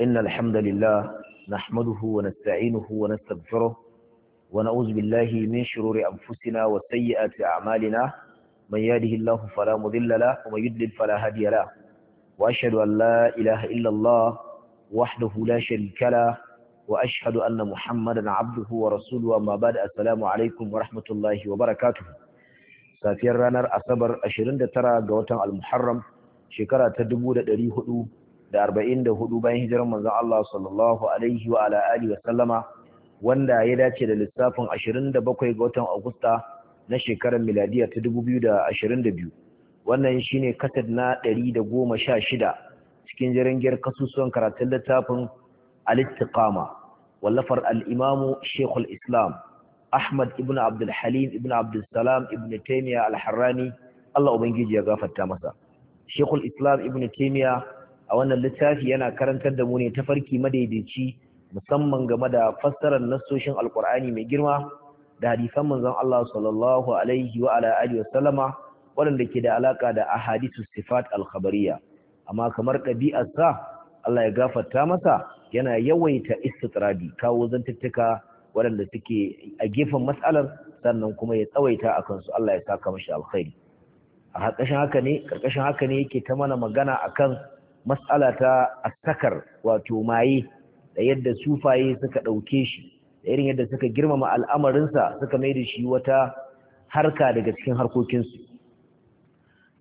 إن الحمد لله نحمده ونستعينه ونستغفره ونعوذ بالله من شرور أنفسنا وسيئات أعمالنا من يهده الله فلا مضل له ومن يضلل فلا هادي له وأشهد أن لا إله إلا الله وحده لا شريك له وأشهد أن محمدا عبده ورسوله وما بعد السلام عليكم ورحمة الله وبركاته سافير رانر أصبر أشرين ترى قوة المحرم شكرا تدبو دا دريه da arba'in da hudu bayan hijirar manzon Allah sallallahu alaihi wa ala alihi wa sallama wanda ya dace da lissafin 27 da ga watan Agusta na shekarar miladiya ta dubu wannan shine kasad na ɗari da goma sha shida cikin jirangiyar kasusuwan karatun littafin al-istiqama wallafar al-imamu shekul islam Ahmad ibn Abdul Halim ibn Abdul Salam ibn Taymiyyah al-Harrani Allah ubangiji ya gafarta masa Sheikhul Islam ibn Taymiyyah a wannan littafi yana karantar da mu ne tafarki madaidaici musamman game da fassarar nassoshin alkur'ani mai girma da hadisan manzon Allah sallallahu alaihi wa ala alihi wa sallama waɗanda ke da alaka da ahadithu sifat al-khabariyya amma kamar ɗabi'ar sa Allah ya gafarta masa yana yawaita istitrabi kawo zantuttuka waɗanda suke a gefen matsalar sannan kuma ya tsawaita a kansu Allah ya saka mashi alkhairi a ƙarƙashin haka ne ƙarƙashin haka ne yake ta mana magana akan matsala ta astakar wato maye da yadda sufaye suka ɗauke shi da irin yadda suka girmama al'amarinsa suka mai da shi wata harka daga cikin harkokinsu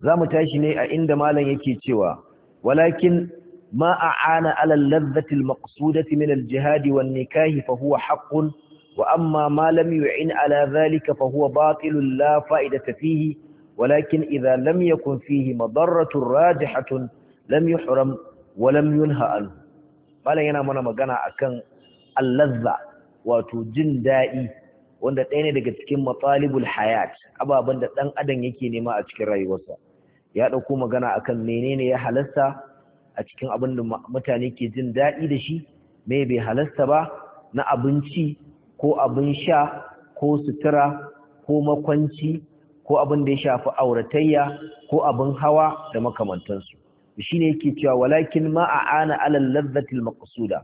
za mu tashi ne a inda malam yake cewa walakin ma a ana alal lazzatil maqsudati min al jihadi wan nikahi fa huwa haqqun wa amma malami lam in ala zalika fa huwa batilun la fa'ida tafihi? walakin idza lam yakun fihi madarratun rajihatun lam yuhram wa lam yunha an malam yana mana magana akan allazza wato jin daɗi wanda ɗaya ne daga cikin matsalibul hayat ababan da ɗan adam yake nema a cikin rayuwarsa ya ɗauko magana akan menene ya halasta a cikin abin da mutane ke jin daɗi da shi me bai halasta ba na abinci ko abin sha ko sutura ko makwanci ko abin da ya shafi auratayya ko abin hawa da makamantansu shine yake cewa walakin ma aana ala ladzati almaqsuda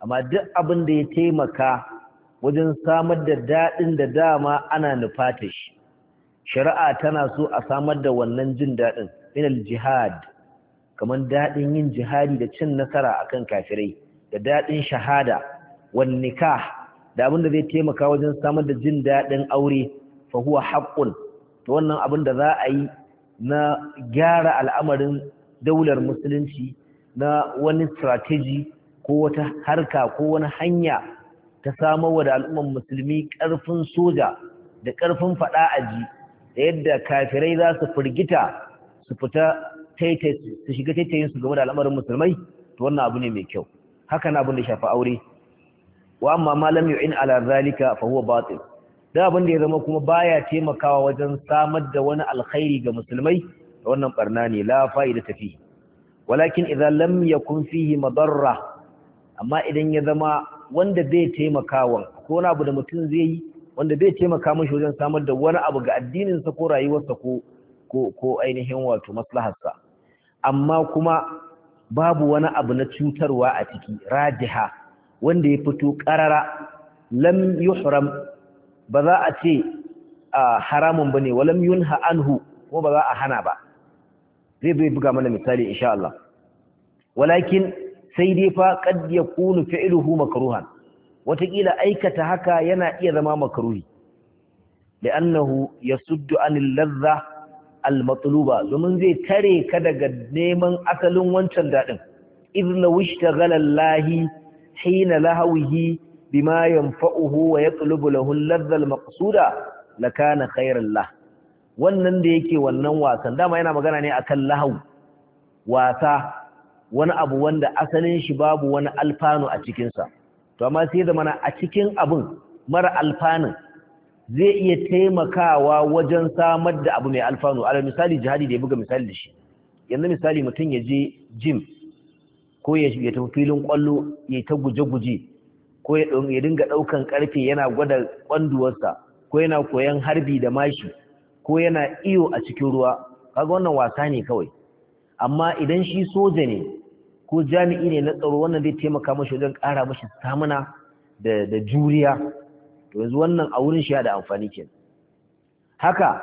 amma duk abin da ya taimaka wajen samar da dadin da dama ana nufata shi shari'a tana so a samar da wannan jin dadin min aljihad kaman dadin yin jihadi da cin nasara akan kafirai da dadin shahada wan nikah da abin da zai taimaka wajen samar da jin dadin aure fa huwa haqqun to wannan abin da za a yi na gyara al'amarin daular musulunci na wani strategy ko wata harka ko wani hanya ta samarwa da al'umman musulmi ƙarfin soja da ƙarfin faɗa aji da yadda kafirai za su firgita su fita su shiga taitayin su game da al'amarin musulmai to wannan abu ne mai kyau haka na abin da shafi aure wa amma ma lam yu'in ala zalika fa huwa batil da abin da ya zama kuma baya taimakawa wajen samar da wani alkhairi ga musulmai wannan barna ne la fa'ida tafi walakin idan lam yakun fihi madarra amma idan ya zama wanda bai taimakawa ko wani abu da mutum zai yi wanda bai taimaka mashi wajen samar da wani abu ga addinin sa ko rayuwarsa ko ko ainihin wato maslaharsa amma kuma babu wani abu na cutarwa a ciki rajiha wanda ya fito karara lam yuhram ba za a ce haramun bane walam yunha anhu ko ba za a hana ba zai bai buga mana misali insha Allah walakin sai dai fa qad yakunu fi'luhu makruhan watakila aikata haka yana iya zama makruhi li'annahu yasuddu 'anil ladha al-matluba domin zai tare ka daga neman asalin wancan dadin idna wishtaghala lahi hina lahawihi bima yanfa'uhu wa yatlubu lahu al-ladha al-maqsuda lakana khayran lahu wannan da yake wannan wasan dama yana magana ne akan lahau wasa wani abu wanda asalin shi babu wani alfano a cikinsa to amma sai da mana a cikin abun mara alfanin zai iya taimakawa wajen samar da abu mai alfano. alal misali jihadi da ya buga misali da shi yanzu misali mutum ya je gym ko ya tafi filin kwallo ya ta guje-guje ko ya dinga daukan karfe yana gwada kwanduwarsa ko yana koyan harbi da mashi ko yana iyo a cikin ruwa kaga wannan wasa ne kawai amma idan shi soja ne ko jami'i ne na tsaro wannan zai taimaka mashi wajen ƙara mashi samuna da da juriya to yanzu wannan a wurin shi da amfani ke haka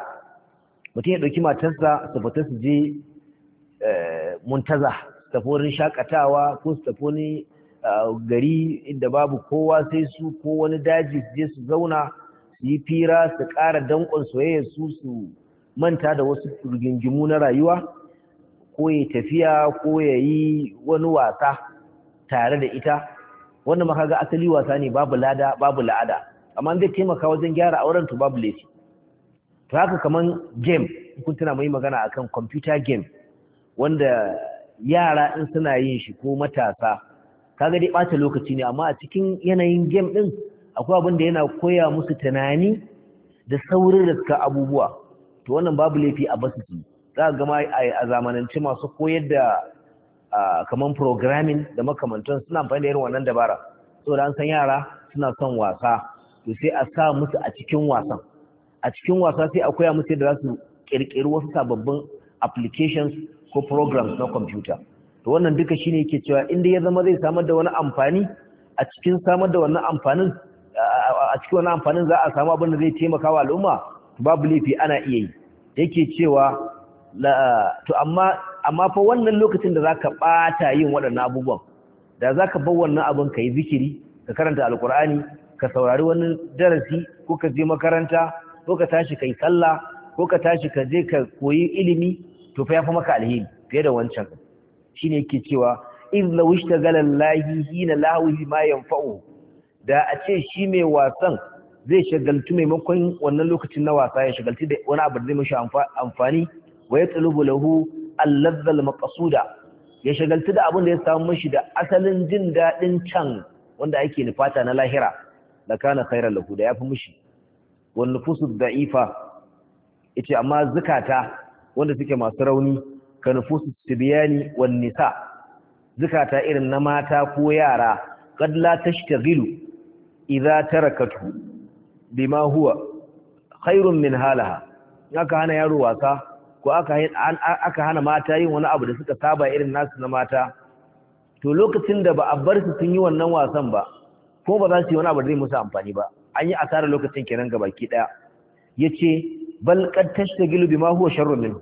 mutum ya ɗauki matarsa su fita su je eh, muntaza tafi wurin shakatawa ko su tafi wani ah, gari inda babu kowa sai su ko wani daji su je su zauna su yi fira su ƙara danƙon soyayya su su manta da wasu rigingimu na rayuwa ko ya tafiya ko ya yi wani wasa tare da ita wannan maka ga asali wasa ne babu lada babu la'ada amma zai taimaka wajen gyara auren to babu laifi to haka kaman game kun tana mai magana akan computer game wanda yara in suna yin shi ko matasa kaga dai ɓata lokaci ne amma a cikin yanayin game ɗin akwai abin da yana koya musu tunani da saurin da suka abubuwa to wannan babu laifi a basu za a gama a zamanance masu koyar da kaman programming da makamantan suna amfani da irin wannan dabara saboda an san yara suna son wasa to sai a sa musu a cikin wasan a cikin wasa sai a koya musu yadda za su ƙirƙiri wasu sababbin applications ko programs na kwamfuta to wannan duka shine yake cewa inda ya zama zai samar da wani amfani a cikin samar da wannan amfanin a cikin wani amfanin za a samu abin da zai taimaka wa al'umma babu laifi ana iya yi yake cewa to amma amma fa wannan lokacin da zaka bata yin waɗannan abubuwan da zaka bar wannan abin ka yi zikiri ka karanta alkur'ani ka saurari wani darasi ko ka je makaranta ko ka tashi kai sallah ko ka tashi ka je ka koyi ilimi to fa yafi maka alheri fiye da wancan shine yake cewa in lawishtagala lahi hina lahu ma yanfa'u da a ce shi mai wasan zai shagaltu maimakon wannan lokacin na wasa ya shagaltu da wani abu zai mashi amfani wa ya tsalubu lahu allazal maqsuda ya shagaltu da abin da ya samu mashi da asalin jin daɗin can wanda ake nufata na lahira da kana khairan lahu da yafi mashi wal nufusu da'ifa yace amma zukata wanda suke masu rauni ka nufusu tibyani wan nisa zukata irin na mata ko yara kad la tashtagilu idza tarakatu bima huwa khairun min halaha aka hana yaro wasa ko aka aka hana mata yin wani abu da suka saba irin nasu na mata to lokacin da ba a bar su sun yi wannan wasan ba ko ba za su yi wani abu da zai musu amfani ba an yi asara lokacin kenan ga baki daya yace bal qad tashtagilu bima huwa sharrun min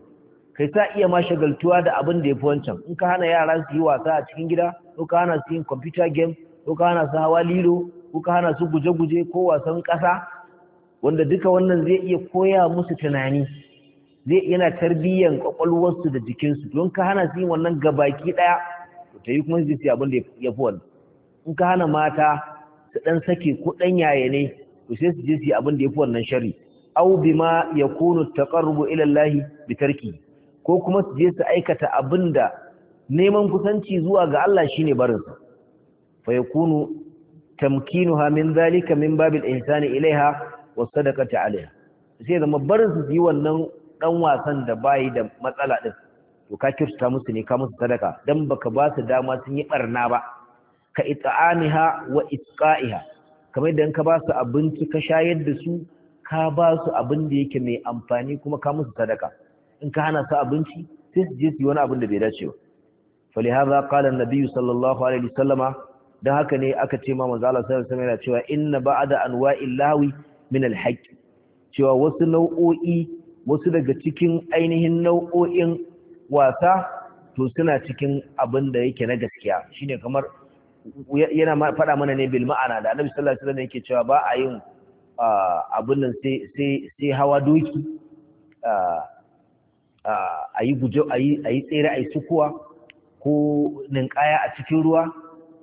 kai ta iya ma shagaltuwa da abin da yafi wancan in ka hana yara su yi wasa a cikin gida ko ka hana su yin computer game ko ka hana su hawa lilo kuka hana su guje-guje ko wasan ƙasa wanda duka wannan zai iya koya musu tunani zai yana tarbiyyar kwakwalwarsu da jikinsu don ka hana su yin wannan gabaki ɗaya ta yi kuma su abin da ya fi wani in ka hana mata su ɗan sake ko ɗan yaya ne to sai su je su abin ya fi wannan shari au ma ya kunu taqarrubu ila Allah bi tarki ko kuma su je su aikata abin da neman kusanci zuwa ga Allah shine barinsa fa yakunu tamkinuha min zalika min babil ihsani ilaiha was sadaqati alaiha sai zama barin su yi wannan dan wasan da bayi da matsala din to ka kirta musu ne ka musu sadaka dan baka ba su dama sun yi barna ba ka it'amiha wa itqa'iha kamar idan ka ba su abinci ka shayar da su ka ba su abin da yake mai amfani kuma ka musu sadaka in ka hana su abinci sai su je su yi wani abin da bai dace ba falihaza qala an-nabiy sallallahu alaihi don haka ne aka ce ma manzo Allah sallallahu alaihi wasallam cewa inna ba'da anwa'il lawi min al-haqq cewa wasu nau'o'i wasu daga cikin ainihin nau'o'in wasa to suna cikin abin da yake na gaskiya shine kamar yana faɗa mana ne bil ma'ana da Annabi sallallahu alaihi wasallam yake cewa ba a yin abin nan sai sai sai hawa doki a yi guje a yi tsere a yi sukuwa ko ninkaya a cikin ruwa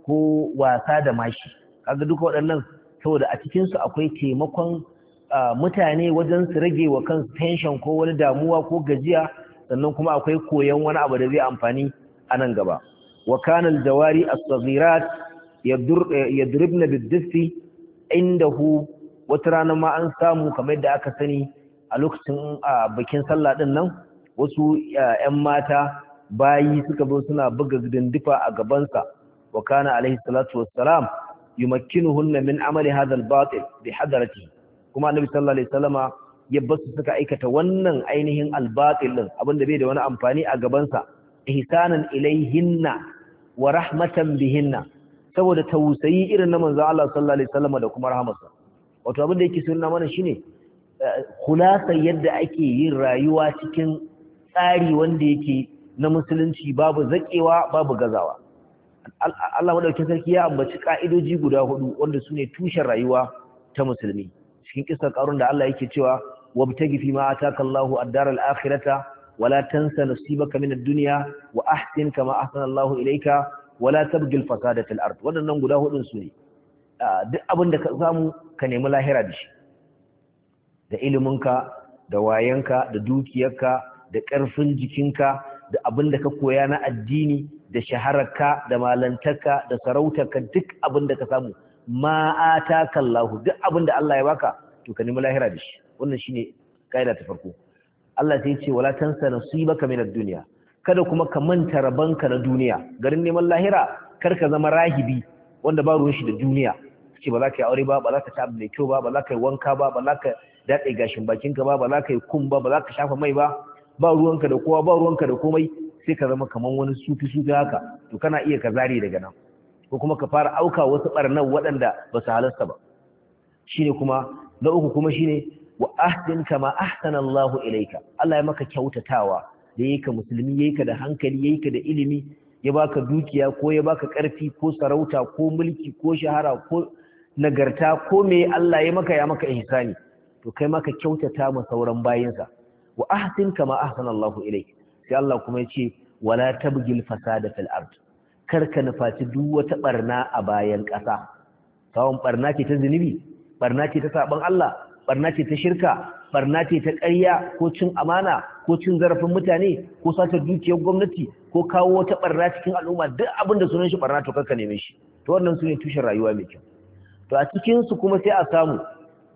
ko wasa da mashi kaga duka waɗannan saboda a cikinsu akwai taimakon mutane wajen su rage wa kansu tension ko wani damuwa ko gajiya sannan kuma akwai koyon wani abu da zai amfani a nan gaba wa kana al-jawari as-saghirat yadribna bid-diffi indahu wata rana ma an samu kamar da aka sani a lokacin bikin sallah din nan wasu 'yan mata bayi suka zo suna buga dindifa a gabansa wa kana alaihi salatu wassalam yumakkinuhunna min amali hadha al-batil bi kuma annabi sallallahu alaihi ya basu suka aikata wannan ainihin al ɗin din abinda bai da wani amfani a gabansa sa ihsanan ilaihinna wa rahmatan bihinna saboda tausayi irin na manzo Allah sallallahu alaihi da kuma rahmarsa wato abin da yake sunna mana shine khulasa yadda ake yin rayuwa cikin tsari wanda yake na musulunci babu zaƙewa babu gazawa Allah madaukakin sarki ya ambaci ka'idoji guda hudu wanda sune tushen rayuwa ta musulmi cikin kisar karun da Allah yake cewa wabtagi fi ma ataka Allahu ad-dar al-akhirata wala tansa nasibaka min ad-dunya wa ahsin kama ahsana Allahu ilayka wala tabghi al-fasada fil ard wadannan guda hudun su ne duk abin da ka samu ka nemi lahira da shi da iliminka da wayanka da dukiyarka da ƙarfin jikinka da abin da ka koya na addini da shahararka da malantarka da sarautarka duk abin da ka samu ma ataka Allah duk abin da Allah ya baka to ka nemi lahira da shi wannan shine kaida ta farko Allah sai ya ce wala tansa nasibaka minad dunya kada kuma ka manta rabanka na duniya garin neman lahira kar ka zama rahibi wanda ba ruwan shi da duniya ce ba za ka yi aure ba ba za ka ci abu mai kyau ba ba za ka yi wanka ba ba za ka daɗe gashin bakinka ba ba za ka yi kum ba ba za ka shafa mai ba ba ruwanka da kowa ba ruwanka da komai sai ka zama kamar wani sufi sufi haka to kana iya ka zare daga nan ko kuma ka fara auka wasu barnan waɗanda ba su halasta ba shine kuma na uku kuma shine wa ahdin kama ahsana Allah ilaika Allah ya maka kyautatawa da yayi ka musulmi yayi ka da hankali yayi ka da ilimi ya baka dukiya ko ya baka karfi ko sarauta ko mulki ko shahara ko nagarta ko me Allah ya maka ya maka ihsani to kai maka kyautata ma sauran bayinsa wa ahsin kama ahsana Allahu ilayk sai Allah kuma ya ce wala tabgil fasada fil ard kar ka nufaci duk wata barna a bayan ƙasa kawon barna ce ta zunubi barna ce ta saban Allah barna ce ta shirka barna ce ta ƙarya ko cin amana ko cin zarafin mutane ko satar dukiyar gwamnati ko kawo wata barna cikin al'umma duk abin da sunan shi barna to kanka neme shi to wannan sune tushen rayuwa mai kyau to a cikin su kuma sai a samu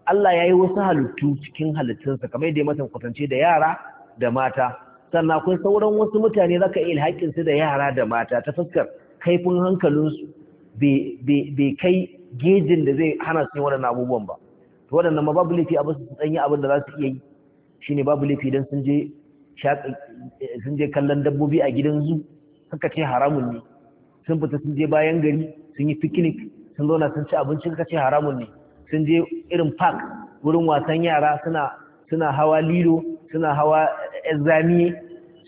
Allah ya yi wasu halittu cikin halittunsa kamar yadda ya mata kwatance da yara da mata sannan akwai sauran wasu mutane za ka ilhaƙin su da yara da mata ta fuskar kaifin hankalinsu bai kai gejin da zai hana su yi waɗannan abubuwan ba to waɗannan ma babu laifi abin su tsanyi abin da za su iya yi Shi ne babu laifi don sun je sun je kallon dabbobi a gidan zu suka ce haramun ne sun fita sun je bayan gari sun yi picnic sun zauna sun ci abinci suka ce haramun ne sun je irin park wurin wasan yara suna suna hawa lilo suna hawa zami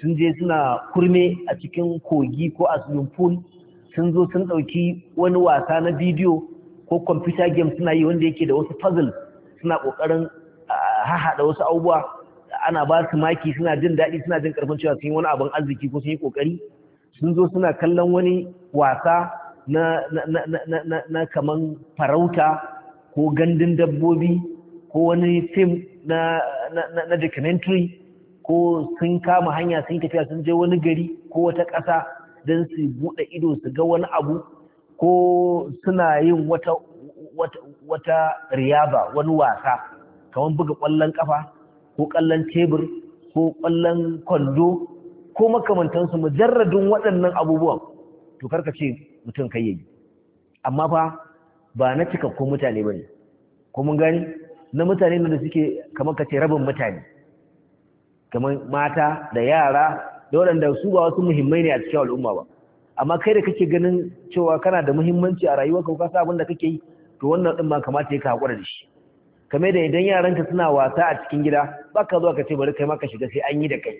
sun je suna kurme a cikin kogi ko a swimming pool sun zo sun ɗauki wani wasa na bidiyo ko computer game suna yi wanda yake da wasu puzzle suna ƙoƙarin hahaɗa wasu abubuwa ana ba su maki suna jin daɗi suna jin ƙarfin cewa sun yi wani abin arziki ko sun yi ƙoƙari sun zo suna kallon wani wasa na, na, na, na kaman farauta ko gandun dabbobi ko wani fim na, documentary ko sun kama hanya sun tafiya sun je wani gari ko wata ƙasa don su buɗe ido su ga wani abu ko suna yin wata riyaba wani wasa kamar buga ƙwallon ƙafa ko ƙwallon tebur ko ƙwallon kwando ko makamantansu mujarradin waɗannan abubuwan to karka ce mutum kai yayi amma fa ba na cikakkun mutane bane ko mun gani na mutane da suke kamar ka ce rabin mutane kamar mata da yara da waɗanda su ba wasu muhimmai ne a cikin al'umma ba amma kai da kake ganin cewa kana da muhimmanci a rayuwar ka kasa abin da kake yi to wannan din ma kamata ya ka hakura da shi kame da idan yaranka suna wasa a cikin gida ba ka zuwa ka ce bari kai ma ka shiga sai an yi da kai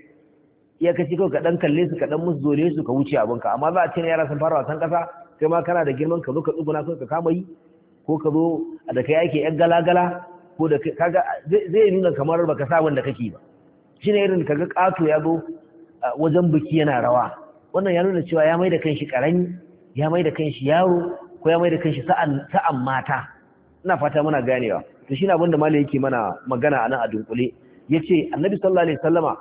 iya ka kawai ka dan kalle su ka dan musu dole su ka wuce abinka amma za a ce yara sun fara wasan kasa kai ma kana da girman ka zo ka tsuguna ka kama yi ko ka zo da kai ake yan galagala ko da kaga zai nuna kamar baka sa wanda kake ba shi ne irin kaga ƙato ya zo wajen biki yana rawa wannan ya nuna cewa ya mai da kanshi ƙarami ya mai da kanshi yaro ko ya mai da kanshi sa'an mata ina fata muna ganewa to shi ne abinda malam yake mana magana a nan a dunkule ya ce annabi sallallahu alaihi sallama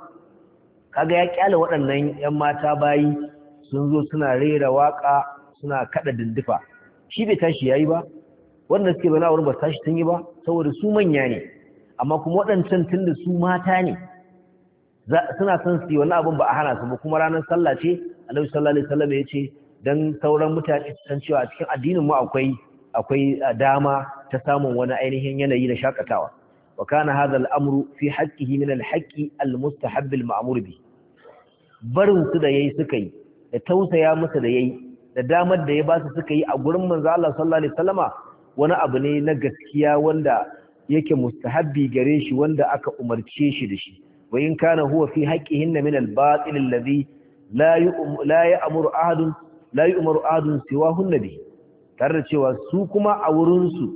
kaga ya kyale waɗannan yan mata bayi sun zo suna rera waƙa suna kaɗa dindifa shi bai tashi ya yi ba wanda suke bana wurin ba tashi tun yi ba saboda su manya ne amma kuma waɗancan tun da su mata ne suna son su yi wani abin ba a hana su ba kuma ranar sallah ce annabi sallallahu alaihi wasallam ya ce dan sauran mutane su san cewa cikin addinin mu akwai akwai dama ta samun wani ainihin yanayi na shakatawa wa kana hadha al-amru fi haqqihi min al-haqqi al-mustahab al-ma'mur bi barin su da yayi suka yi da tausaya musu da yayi da damar da ya ba su suka yi a gurin manzo Allah sallallahu alaihi wasallama wani abu ne na gaskiya wanda yake mustahabbi gare shi wanda aka umarce shi da shi wa in kana huwa fi haqqihin min al-batil alladhi la la ya'muru ahadun la yu'maru ahadun siwahun tare da cewa su kuma a wurin su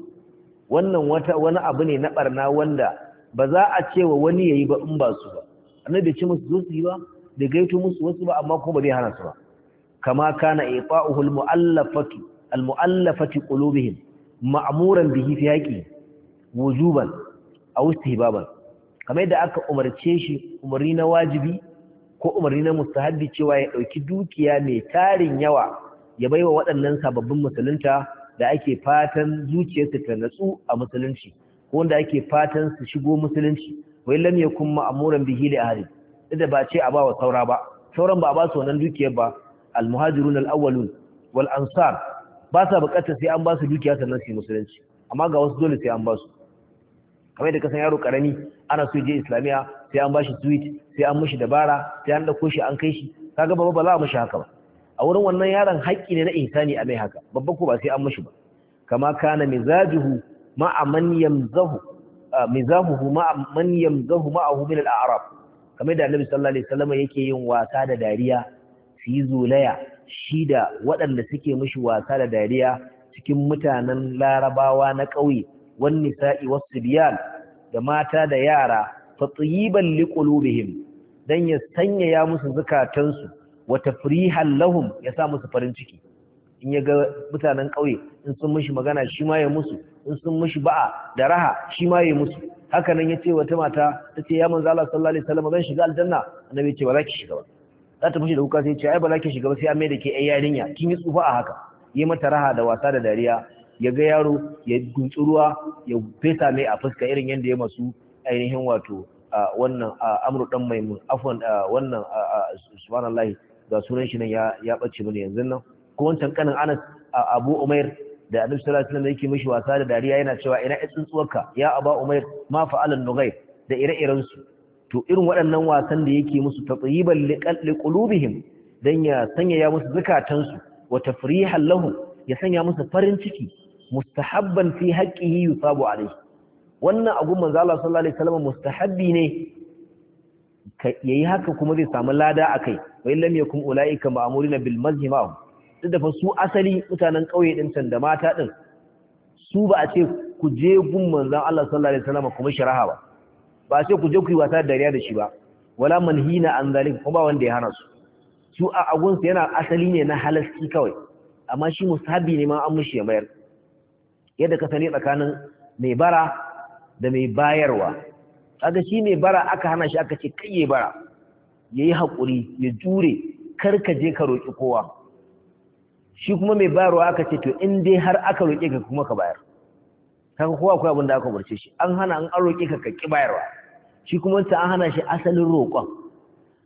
wannan wata wani abu ne na barna wanda ba za a cewa wani yayi ba in ba su ba annabi ce musu zo su yi ba da gaito musu wasu ba amma kuma bai hana su ba kama kana ifa'uhu al-mu'allafatu al-mu'allafati qulubihim ma'muran bihi fi haqqihi wujuban aw istihbaban kamar da aka umarce shi umarni na wajibi ko umarni na mustahabbi cewa ya ɗauki dukiya mai tarin yawa ya baiwa waɗannan sababbin musulunta da ake fatan zuciyarsu ta natsu a musulunci ko wanda ake fatan su shigo musulunci wai lam yakun ma'muran bihi li ahli da ba ce a ba wa saura ba sauran ba a ba su wannan dukiyar ba al-muhajirun al-awwalun wal ansar ba sa bukatar sai an ba su dukiya sannan su musulunci amma ga wasu dole sai an ba su kamar da kasan yaro karami ana so je islamiya sai an bashi sweet sai an mishi dabara sai an dauko shi an kai shi kaga baba ba za a mishi haka ba a wurin wannan yaron haƙƙi ne na insani a mai haka babba ko ba sai an mishi ba kama kana mizajuhu ma man yamzahu mizahuhu ma man yamzahu ahu min al-a'rab kamar da Annabi sallallahu alaihi wasallam yake yin wasa da dariya su yi zolaya shi da waɗanda suke mushi wasa da dariya cikin mutanen larabawa na ƙauye wan nisa'i was sibyan da mata da yara tatayiban liqulubihim dan ya sanyaya musu zakatansu wata tafrihan lahum ya sa musu farin ciki in ya ga mutanen ƙauye in sun mishi magana shi ma ya musu in sun mishi ba'a da raha shi ma ya musu haka nan ya ce wata mata ta ce ya manzo Allah sallallahu alaihi wasallam zan shiga aljanna annabi ya ce ba za ki shiga ba za ta mishi da kuka sai ce ai ba za ki shiga ba sai an mai da ke ai yarinya kin yi tsufa a haka yi mata raha da wasa da dariya ya ga yaro ya dutsi ruwa ya fesa mai a fuska irin yadda ya masu ainihin wato wannan amru dan mun. afwan wannan subhanallah ga sunan shi nan ya ya bace yanzu nan ko wancan kanin Anas Abu Umair da Annabi sallallahu alaihi wasallam yake mishi wasa da dariya yana cewa ina ya tsuntsuwarka ya Abu Umair ma fa'alan nugai da ire-iren su to irin waɗannan wasan da yake musu tatyiban liqulubihim dan ya sanya ya musu zakatansu wa tafrihan lahu ya sanya musu farin ciki mustahabban fi haqqihi yusabu alayhi wannan agun manzo Allah sallallahu alaihi wasallam mustahabbi ne yayi haka kuma zai samu lada kai, wai lam yakum ulaika ma'murina bil mazhima duk da fa su asali mutanen kauye din can da mata din su ba a ce ku je gun manzon Allah sallallahu alaihi wasallam kuma sharaha ba ba a ce ku je ku yi wasa da dariya da shi ba wala manhina an zalika kuma ba wanda ya hana su su a agunsa yana asali ne na halasci kawai amma shi musahabi ne ma an mushi ya mayar yadda ka sani tsakanin mai bara da mai bayarwa kaga shi mai bara aka hana shi aka ce kai bara yayi hakuri ya jure kar ka je ka roki kowa shi kuma mai bayarwa aka ce to in dai har aka roke ka kuma ka bayar kaga kowa akwai abin da aka burce shi an hana an roke ka ka ki bayarwa shi kuma ta an hana shi asalin roƙon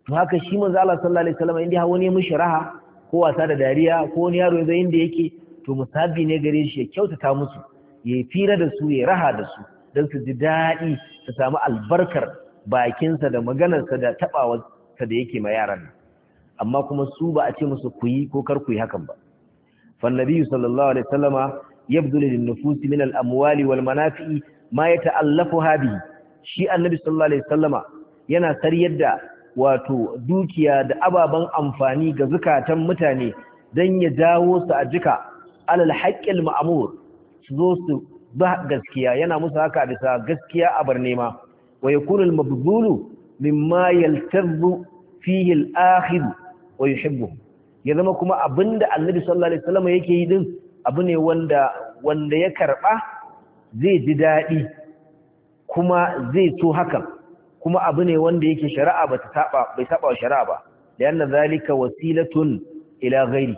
to haka shi manzo Allah sallallahu alaihi wasallam inda wani ya mishi raha ko wasa da dariya ko wani yaro yazo inda yake to musabi ne gare shi ya kyautata musu ya yi fira da su ya raha da su don su ji daɗi su samu albarkar bakinsa da maganarsa da taɓawarsa da yake ma yaran nan amma kuma su ba a ce musu ku yi ko kar ku yi hakan ba fannabiyu sallallahu alaihi wasallama yabdulu lin nufusi min al amwali wal manafi'i ma yata'allafu hadihi shi annabi sallallahu alaihi wasallama yana sariyar da wato dukiya da ababen amfani ga zukatan mutane don ya dawo su a jika alal haqqil ma'amur su zo su ba gaskiya yana musu haka bisa gaskiya a bar nema wa yakunu al mabdhulu mimma yaltazu fihi al akhir wa yuhibbu ya zama kuma abinda annabi sallallahu alaihi wasallam yake yi din abu ne wanda wanda ya karba zai ji dadi kuma zai so hakan kuma abu ne wanda yake shari'a bata saba bai saba shari'a ba lianna zalika wasilatun ila ghairi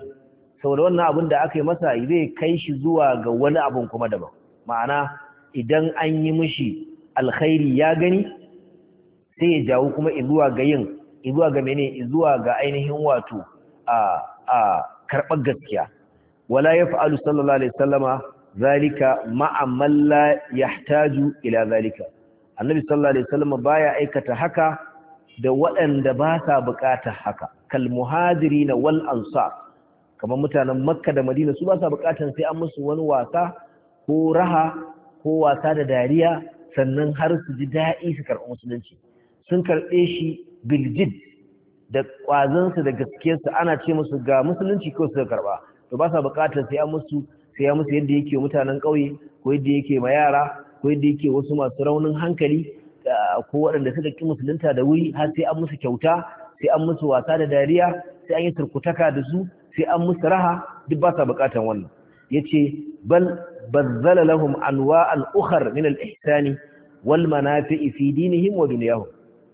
saboda wannan abin da aka yi masa zai kai shi zuwa ga wani abin kuma daban ma'ana idan an yi mishi alkhairi ya gani sai ya jawo kuma izuwa ga yin izuwa ga mene izuwa ga ainihin wato a a karɓar gaskiya wala yaf'alu sallallahu alaihi wasallama zalika ma'a la yahtaju ila zalika annabi sallallahu alaihi wasallama baya aikata haka da waɗanda ba sa buƙatar haka kal na wal ansar kamar mutanen makka da madina su ba sa bukatan sai an musu wani wasa ko raha ko wasa da dariya sannan har su ji daɗi su karɓi musulunci sun karɓe shi biljid da ƙwazansu da gaskiyarsu ana ce musu ga musulunci kawai suka karɓa to ba sa bukatar sai an musu sai an musu yadda yake mutanen ƙauye ko yadda yake ma yara ko yadda yake wasu masu raunin hankali ko waɗanda suka ƙi musulunta da wuri har sai an musu kyauta sai an musu wasa da dariya sai an yi turkutaka da su sai an musu raha duk ba sa bukatan wannan Ya bal bazzala lahum anwa'an ukhar min al-ihsani wal manafi'i fi dinihim wa dunyahum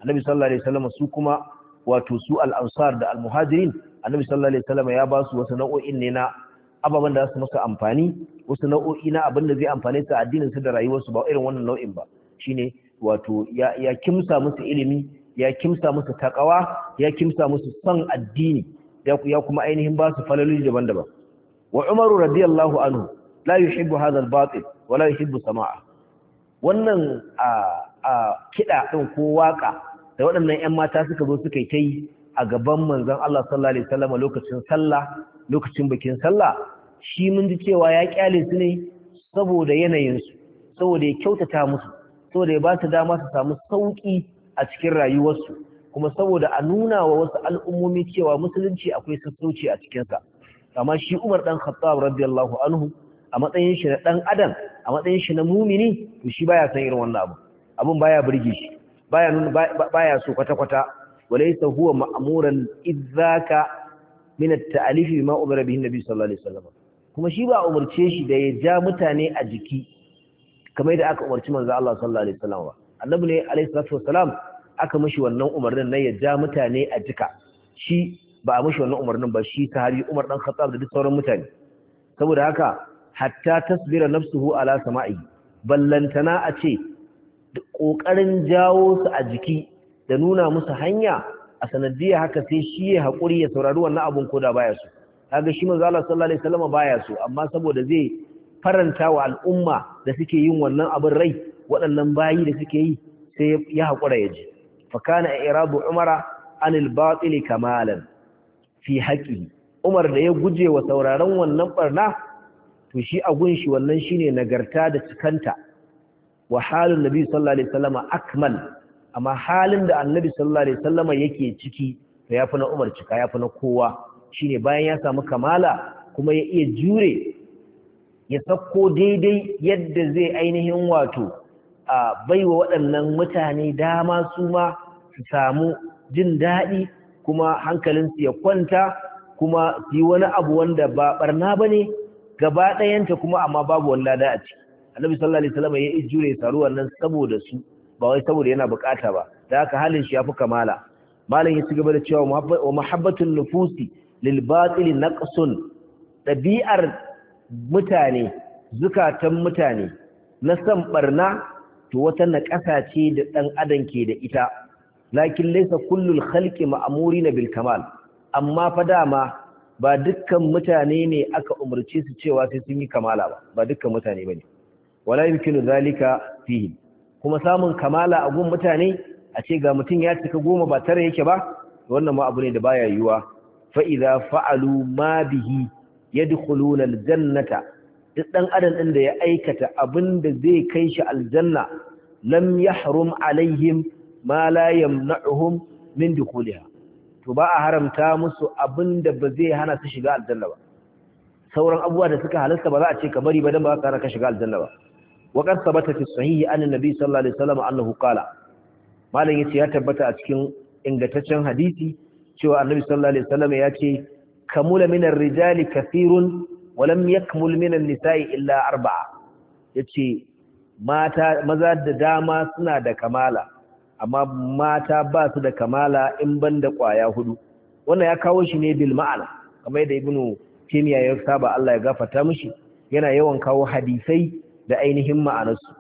annabi sallallahu alaihi wasallam su kuma wato su al-ansar da al-muhajirin annabi sallallahu alaihi wasallam ya ba su wasu nau'o'in ne na ababan da su masa amfani wasu nau'o'i na abin da zai amfane su addinin su da rayuwar su ba irin wannan nau'in ba shine wato ya kimsa musu ilimi ya kimsa musu takawa ya kimsa musu son addini ya kuma ainihin ba su falaloli daban-daban wa umaru radiyallahu anhu la yuhibbu hadha al-batil wa la yuhibbu sama'a wannan a kida din ko waka da waɗannan ƴan mata suka zo suka yi tai a gaban manzon Allah sallallahu alaihi wasallam lokacin sallah lokacin bikin sallah shi mun ji cewa ya kyale su ne saboda yanayin su saboda ya kyautata musu saboda ya ba su dama su samu sauki a cikin rayuwarsu kuma saboda a nuna wa wasu al'ummomi cewa musulunci akwai sassauci a cikinsa amma shi umar ɗan khattab radiyallahu anhu a matsayin shi na ɗan adam a matsayin shi na mumini to shi baya san irin wannan abu abun baya burge shi baya nuna baya so kwata-kwata walaysa huwa ma'muran idzaka min at-ta'alif bima umira bihi nabi sallallahu alaihi wasallam kuma shi ba umarce shi da ya ja mutane a jiki kamar yadda aka umarci manzo Allah sallallahu alaihi wasallam annabi ne alaihi salatu wasalam aka mashi wannan umarnin na ya ja mutane a jika shi ba a mashi wannan umarnin ba shi ta hari Umar dan Khattab da duk sauran mutane saboda haka hatta tasbira nafsuhu ala sama'i ballantana a ce ƙoƙarin jawo su a jiki da nuna musu hanya a sanadiyar haka sai shi ya haƙuri ya saurari wannan abun da baya su kaga shi manzo Allah sallallahu alaihi wasallam baya su amma saboda zai faranta wa al'umma da suke yin wannan abin rai waɗannan bayi da suke yi sai ya haƙura ya ji fakana irabu umara anil batil kamalan fi haƙi umar da ya guje wa sauraron wannan barna to shi a gunshi wannan shine nagarta da cikanta wa halin nabi sallallahu alaihi wasallama akmal amma halin da annabi sallallahu alaihi wasallama yake ciki to yafi na umar cika yafi na kowa shine bayan ya samu kamala kuma ya iya jure ya sako daidai yadda zai ainihin wato a bai wa waɗannan mutane dama su ma su samu jin daɗi kuma hankalinsu ya kwanta kuma su yi wani abu wanda ba ɓarna ba ne gaba ɗayanta kuma amma babu wani lada a ciki annabi sallallahu alaihi wasallam ya yi jure wannan saboda su ba wai saboda yana bukata ba da haka halin shi ya fi kamala malam ya ci da cewa wa mahabbatun nufusi lil batil naqsun ɗabi'ar mutane zukatan mutane na san barna to wata naƙasa ce da ɗan adam ke da ita lakin laisa kullul khalqi na bil kamal amma fa dama ba dukkan mutane ne aka umarce su cewa sai sun yi kamala ba ba dukkan mutane bane wala yumkinu zalika fihi kuma samun kamala a gun mutane a ce ga mutum ya cika goma ba tare yake ba wannan ma abu ne da baya yiwa fa idza fa'alu ma bihi yadkhuluna al jannata duk ɗan adam ɗin da ya aikata abin da zai kai shi aljanna lam yahrum alaihim ma la yamna'uhum min dukhuliha to ba a haramta musu abin da ba zai hana su shiga aljanna ba sauran abubuwa da suka halasta ba za a ce ka bari ba dan ba za ka hana ka shiga aljanna ba wa qad thabata fi sahihi anna nabi sallallahu alaihi wasallam annahu qala malam yace ya tabbata a cikin ingantaccen hadisi cewa annabi sallallahu alaihi wasallam ya ce kamula minar rijali kathirun walam yakmul minan nisa'i illa arba'a yace mata maza da dama suna da kamala amma mata ba su da kamala in banda kwaya hudu wannan ya kawo shi ne bil ma'ana kamar yadda ibnu kimiya ya saba Allah ya gafarta mishi yana yawan kawo hadisai da ainihin ma'anarsu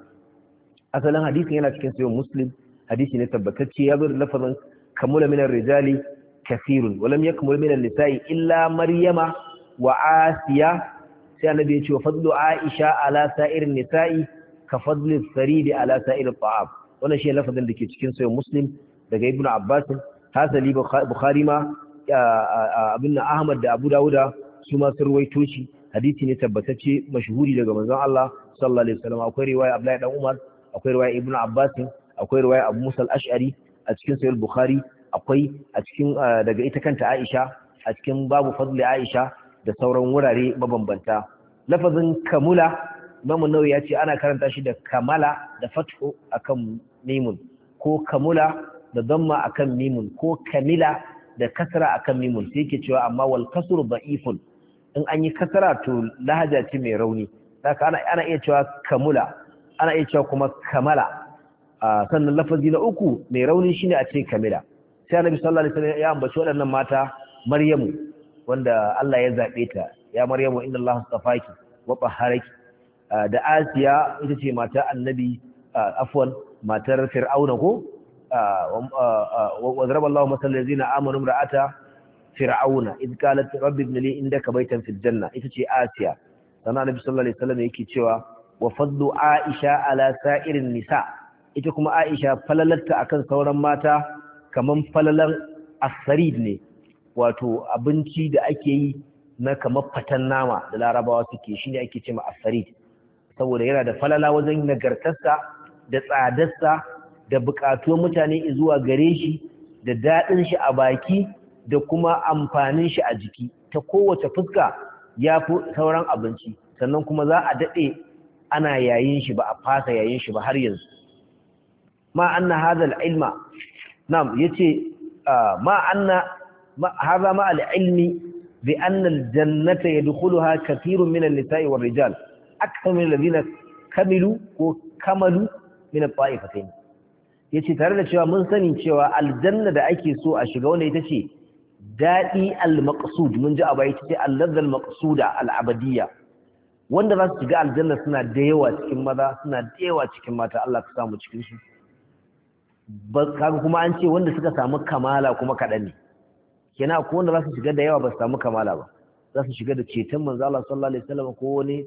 asalin hadisin yana cikin sayyid muslim hadisi ne tabbatacce ya zo da lafazin kamula minar rijali kafirun walam yakmul minan nisa'i illa maryama wa asiya sai annabi ya ce wa fadlu aisha ala sa'irin nisa'i ka fadlu saridi ala sa'irin ta'am wannan shi lafazin da ke cikin sayo muslim daga ibnu abbas hasali bukhari ma abinna ahmad da abu dawuda su ma sun ruwaito shi hadisi ne tabbatacce mashhuri daga manzon Allah sallallahu alaihi wasallam akwai riwaya Abdullahi dan Umar akwai riwaya Ibn Abbas akwai riwaya Abu Musa al-Ash'ari a cikin Sahih Bukhari akwai a cikin daga ita kanta Aisha a cikin babu fadli Aisha da sauran wurare mabambanta lafazin kamula imamu nawawi ya ce ana karanta shi da kamala da a kan mimun ko kamula da damma kan mimun ko kamila da a kan mimun sai yake cewa amma wal kasru da'ifun in an yi kasara to lahaja ce mai rauni saka ana ana iya cewa kamula ana iya cewa kuma kamala sannan lafazi na uku mai rauni shine a ce kamila sai annabi sallallahu alaihi wasallam ya ambaci waɗannan mata maryamu wanda Allah ya zaɓe ta ya maryamu inna Allah astafaki wa tahharaki da Asiya ita ce mata annabi afwan matar Fir'auna ko wa zaraba Allahu masal ladzina amanu imra'ata fir'auna id qalat rabbi ibn li indaka baytan fil janna ita ce Asiya sannan annabi sallallahu alaihi wasallam yake cewa wa fadlu Aisha ala sa'irin nisa ita kuma Aisha falalatta akan sauran mata kaman falalan asarid ne wato abinci da ake yi na kamar fatan nama da larabawa suke shi ne ake ce ma asarid saboda yana da falala wajen nagartarsa da tsadarsa da bukatun mutane zuwa gare shi da daɗin shi a baki da kuma amfanin shi a jiki ta kowace fuska ya fi sauran abinci sannan kuma za a daɗe ana yayin shi ba a fasa yayin shi ba har yanzu ma anna hadal ilma nam yace ah, ma anna هذا مع العلم بأن الجنة يدخلها كثير من النساء والرجال أكثر من الذين كملوا وكملوا من الطائفتين yace tare da cewa mun sani cewa aljanna da ake so a shiga wanda ita ce daɗi al-maqsud mun ji a baya ita ce al-ladha al-maqsuda al-abadiyya wanda za su shiga aljanna suna da yawa cikin maza suna da yawa cikin mata Allah ka samu cikin su kaga kuma an ce wanda suka samu kamala kuma kaɗan ne Yana ko wanda za su shiga da yawa ba su samu kamala ba za su shiga da ceton manzo Allah sallallahu alaihi wasallam ko wani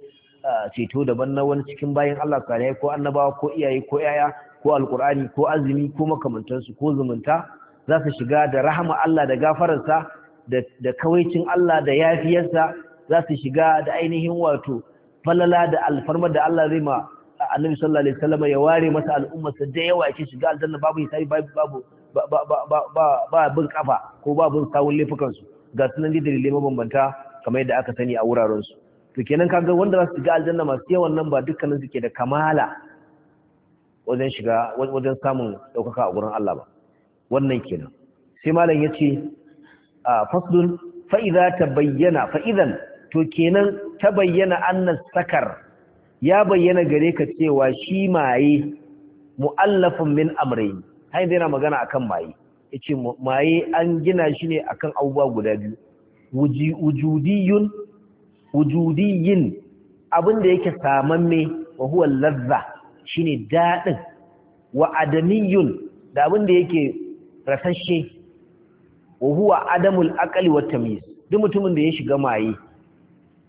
ceto daban na wani cikin bayan Allah salihai ko annabawa ko iyaye ko yaya ko alqur'ani ko azumi ko makamantansu ko zumunta za su shiga da rahama Allah da gafararsa da da kawaicin Allah da yafiyarsa za su shiga da ainihin wato falala da alfarma da Allah zai ma annabi sallallahu alaihi wasallam ya ware masa sa da yawa yake shiga aljanna babu hisabi babu ba bin kafa ko ba bin sawun laifukansu ga sunan da dalilai mabambanta kamar yadda aka sani a wurarensu to kenan kaga wanda za su shiga aljanna masu yawan nan ba dukkanin su ke da kamala wajen shiga wajen samun ɗaukaka a gurin Allah ba wannan kenan sai malam yace a fasdun fa idza tabayyana fa idan to kenan tabayyana annas sakar ya bayyana gare ka cewa shi maye mu'allafin min amrayn har yanzu yana magana akan maye yace maye an gina shi ne akan abubuwa guda biyu wujudiyun wujudiyin abin da yake me wa huwa lazza shine dadin wa adamiyun da abin yake rasashe wa huwa adamul aqli wat tamyiz duk mutumin da ya shiga maye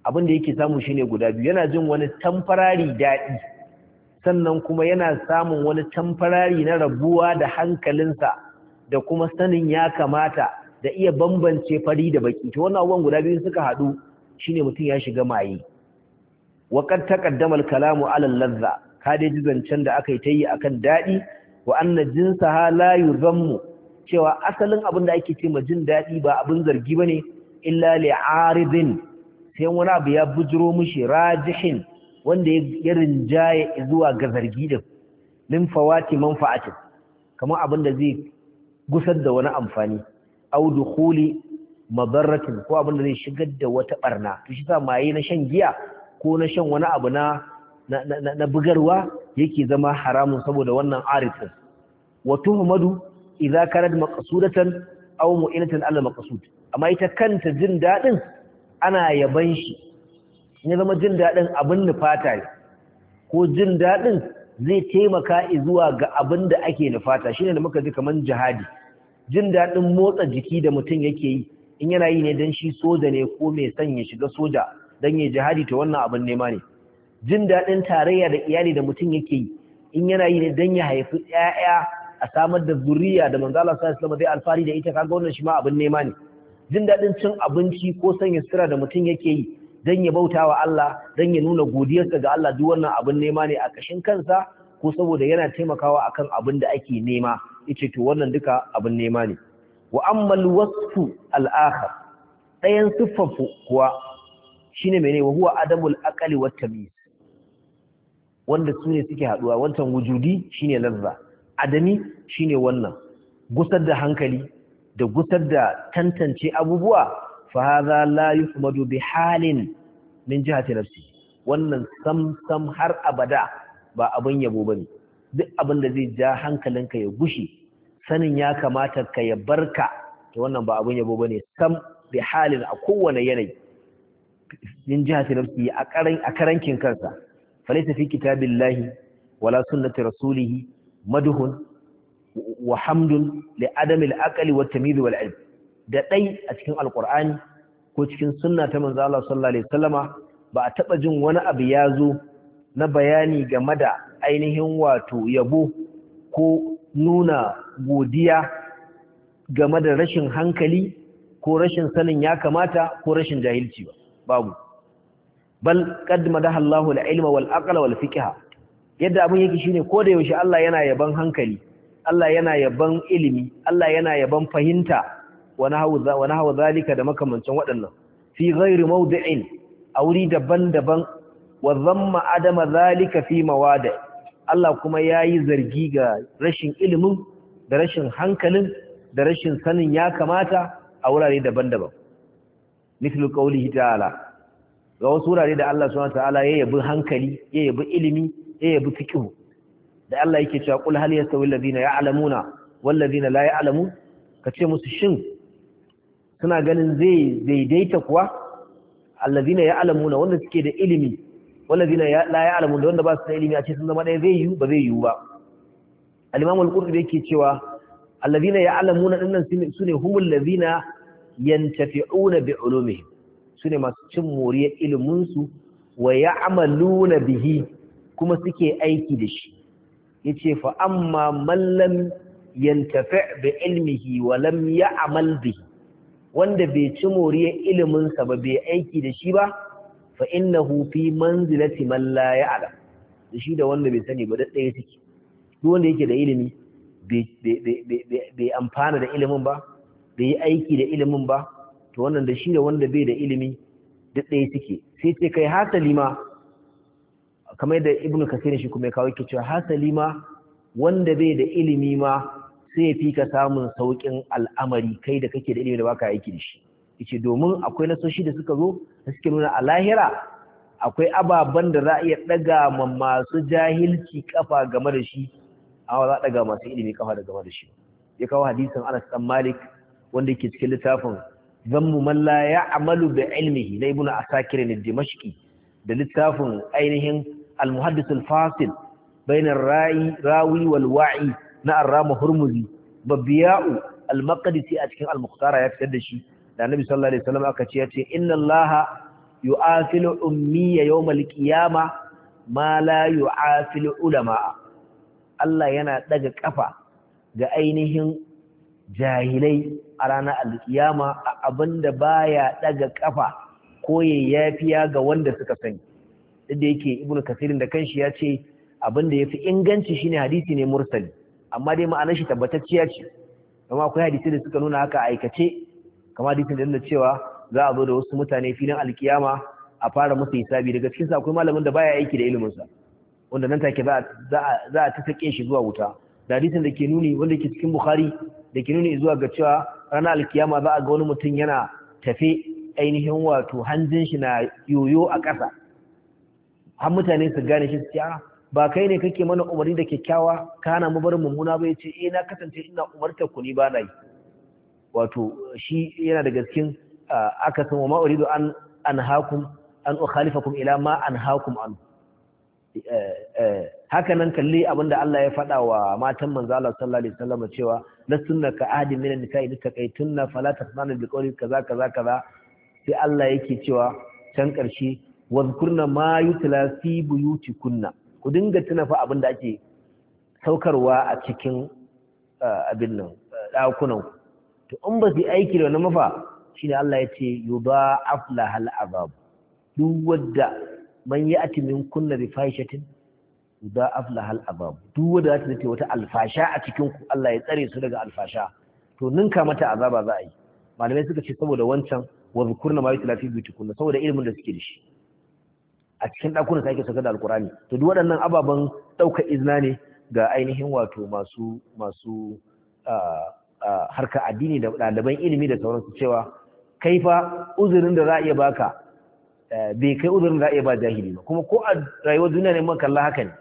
abin da yake samu shine guda biyu yana jin wani tamfarari dadi sannan kuma yana samun wani tamfarari na rabuwa da hankalinsa da kuma sanin ya kamata da iya bambance fari da baki to wannan abubuwan guda biyu suka haɗu shine mutum ya shiga maye wa qad taqaddama al-kalamu 'ala al-ladha kadeji zancen da aka yi ta yi akan daɗi wa anna ha la yuzammu cewa asalin abin da ake ce ma jin daɗi ba abin zargi bane illa aridin sai wani abu ya bujiro mishi rajihin wanda ya rinjaye zuwa ga zargi da min fawati manfa'atin kamar abin da zai gusar da wani amfani audu dukhuli madarratin ko abin da zai shigar da wata barna to shi sa maye na shan giya ko na shan wani abu na na bugarwa yake zama haramun saboda wannan arifin wa tuhmadu idza kanat maqsudatan aw mu'inatan ala maqsud amma ita kanta jin dadin ana yaban shi ya zama jin daɗin abin nufata ne ko jin daɗin zai taimaka zuwa ga abin da ake nufata shine da muka ji kamar jihadi jin daɗin motsa jiki da mutum yake yi in yana yi ne don shi soja ne ko mai son ya shiga soja don ya jihadi ta wannan abin nema ne jin daɗin tarayya da iyali da mutum yake yi in yana yi ne don ya haifi 'ya'ya a samar da zuriya da manzo Allah sallallahu alaihi wasallam alfari da ita kaga wannan shi ma abin nema ne jin daɗin cin abinci ko sanya sutura da mutum yake yi dan ya bauta wa Allah dan ya nuna godiyarsa ga Allah duk wannan abin nema ne a kashin kansa ko saboda yana taimakawa akan abin da ake nema yace to wannan duka abin nema ne wa ammal wasfu al-akhar dayan siffafu kuwa shine mene wa huwa adamul aqli wat tamyiz wanda su suke haduwa wancan wujudi shine lazza adami shine wannan gusar da hankali da gusar da tantance abubuwa fa hadha la yuhmadu bi halin min wannan sam sam har abada ba abin yabo bane duk abin da zai ja hankalinka ya gushi sanin ya kamata ka ya barka to wannan ba abin yabo bane sam bi halin a kowane yanayi min jihati nafsi a karan a karankin kansa falaysa fi kitabillahi wala sunnati rasulihi maduhun wa hamdun li adamil al-aqli wat-tamyiz wal-ilm da ɗai a cikin alkur'ani ko cikin sunna ta manzo Allah sallallahu alaihi wasallama ba a taɓa jin wani abu ya zo na bayani game da ainihin wato yabo ko nuna godiya game da rashin hankali ko rashin sanin ya kamata ko rashin jahilci ba babu bal qad madahallahu al-ilma wal aqla wal fiqha yadda abun yake shine ko da yaushe Allah yana yaban hankali Allah yana yaban ilimi Allah yana yaban fahimta wani hawa zalika da makamancin waɗannan fi zairi mawdi'in a wuri daban-daban wa zamma adama zalika fi mawada Allah kuma ya yi zargi ga rashin ilimin da rashin hankalin da rashin sanin ya kamata a wurare daban-daban mithlu qawlihi ta'ala ga wasu wurare da Allah subhanahu ta'ala ya yabi hankali ya yabi ilimi ya yabi fiqh da Allah yake cewa qul hal yastawi alladhina ya'lamuna wal ladina la ya'lamun kace musu shin suna ganin zai daidaita kuwa allazina ya'lamuna wanda suke da ilimi wallazina la ya'lamuna wanda ba su da ilimi a ce sun zama ɗaya zai yiwu ba zai yiwu ba al-imam al-qurtubi yake cewa allazina ya'lamuna dinnan sune humul lazina yantafi'una bi ulumihim sune masu cin moriyar ilimin su wa ya'maluna bihi kuma suke aiki da shi yace fa amma man lam yantafi' bi ilmihi wa lam ya'mal bihi wanda bai ci moriyar iliminsa ba bai aiki da shi ba fa innahu fi manzilati man la ya'lam da shi da wanda bai sani ba da ɗaya take duk wanda yake da ilimi bai amfana da ilimin ba bai yi aiki da ilimin ba to wannan da shi da wanda bai da ilimi duk ɗaya take sai ce kai hasali ma kamar yadda ibnu kasir shi kuma ya kawo ke cewa hasali ma wanda bai da ilimi ma sai ya fi ka samun sauƙin al'amari kai da kake da ilimi da baka aiki da shi yace domin akwai nasoshi da suka zo da suke nuna a lahira akwai ababen da za a iya ɗaga ma masu jahilci kafa game da shi a za a daga masu ilimi kafa da game da shi ya kawo hadisin Anas dan Malik wanda yake cikin littafin zammu man la ya'malu bi ilmihi na ibnu asakir ne dimashqi da littafin ainihin al-muhaddith al-fasil bainar ra'i rawi wal wa'i na arrama hurmuzi babbiya'u al-maqdisi a cikin al-mukhtara ya fitar da shi da annabi sallallahu alaihi wasallam aka ce yace inna allaha yu'afilu ummiya yawmal qiyama ma la yu'afilu ulama Allah yana daga kafa ga ainihin jahilai a ranar alkiyama a abinda baya daga kafa ko ga wanda suka sani da yake ibnu kasirin da kanshi ya ce abinda yafi inganci shine hadisi ne mursali amma dai ma'anar shi tabbatacciya ce kuma akwai hadisi da suka nuna haka aikace kamar hadisin da nuna cewa za a zo da wasu mutane filin alkiyama a fara musu hisabi daga cikin akwai malamin da baya aiki da ilimin sa wanda nan take za a za a ta shi zuwa wuta da hadisin da ke nuni wanda ke cikin bukhari da ke nuni zuwa ga cewa ranar alkiyama za a ga wani mutum yana tafe ainihin wato hanjin shi na yoyo a ƙasa har mutane su gane shi su ce ah, ba kai ne kake mana umarni da kyakkyawa ka hana mu barin mummuna ba yace eh na kasance ina umarta ku ni ba na wato shi yana daga cikin aka san wa ma uridu an anhaakum an ukhalifakum ila ma anhaakum an eh, eh, haka nan kalli abinda Allah ya faɗa wa matan manzo Allah sallallahu alaihi wasallam cewa lasunna ka ahadi min an-nikahi taqaytunna fala tasma'na bi qawli kaza kaza kaza sai Allah yake cewa can ƙarshe wazkurna ma yutla fi buyutikunna ku dinga tuna fa abin da ake saukarwa a cikin abin nan ɗakunan to in ba su yi aiki da wani mafa shine Allah ya ce yuba hal azab duk wadda man ya ati min kunna bi fahishatin yuba hal azab duk wadda zata ce wata alfasha a cikin ku Allah ya tsare su daga alfasha to ninka mata azaba za a yi malamai suka ce saboda wancan wa zukurna ma yutlafi bitukunna saboda ilimin da suke da shi a cikin ɗakunan sa ake saukar da alkurani to duk waɗannan ababen ɗaukar izina ne ga ainihin wato masu masu harka addini da ɗaliban ilimi da sauransu cewa kai fa uzurin da za a iya baka bai kai uzurin da za a iya ba jahili ba kuma ko a rayuwar duniya ne man kalla haka ne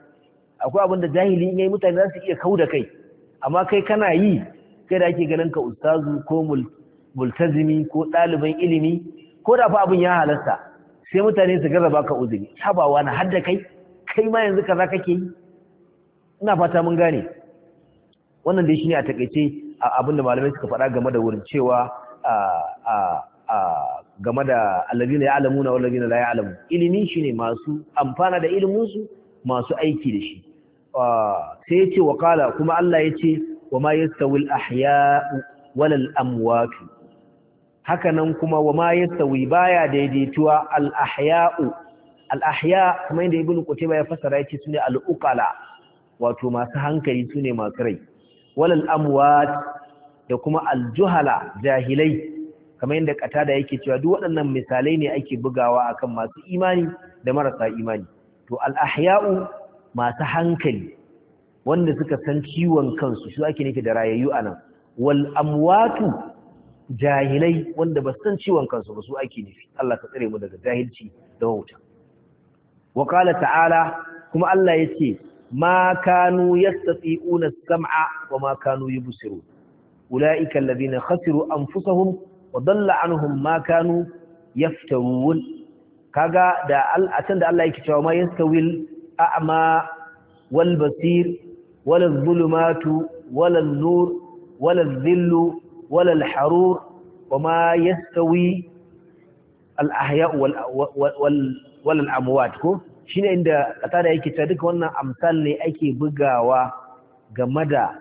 akwai abin da jahili in yayi mutane za su iya kau da kai amma kai kana yi kai da ake ganin ka ustazu ko multazimi ko ɗaliban ilimi ko da fa abin ya halarta. sai mutane su gaza baka uzuri sabawa na hadda kai kai ma yanzu kaza kake yi ina fata mun gane wannan dai shine a takaice abin da malamai suka faɗa game da wurin cewa game da allazina ya'lamuna wal ladina la Ilimin ilimi shine masu amfana da iliminsu masu aiki da shi sai yace wa kala kuma Allah yace wa ma yastawil ahya wal amwat haka nan kuma wa ma ya baya ba ya daidaituwa al'ahya'u. ahya kamar yadda ibnu qutayba ya fassara yake sune al wato masu hankali sune masu rai walal amwat da kuma aljuhala jahilai kamar yadda katada yake cewa duk waɗannan misalai ne ake bugawa akan masu imani da marasa imani to al'ahya'u masu hankali wanda suka san ciwon kansu su ake nufi da rayayyu anan wal amwatu jahilai wanda ba san ciwon kansu ba su ake nufi Allah ka tsare mu daga jahilci da wauta wa qala ta'ala kuma Allah yace ma kanu yastati'una sama wa ma kanu yubsirun ulaika alladhina khasiru anfusahum wa dalla anhum ma kanu yaftarun kaga da al'atan da Allah yake cewa ma yastawil a'ma wal basir wal zulumatu wal nur wal dhillu wala al-harur wama yastawi al-ahya wal amwat ko shine inda katada yake cewa duka wannan amsal ne ake bugawa game da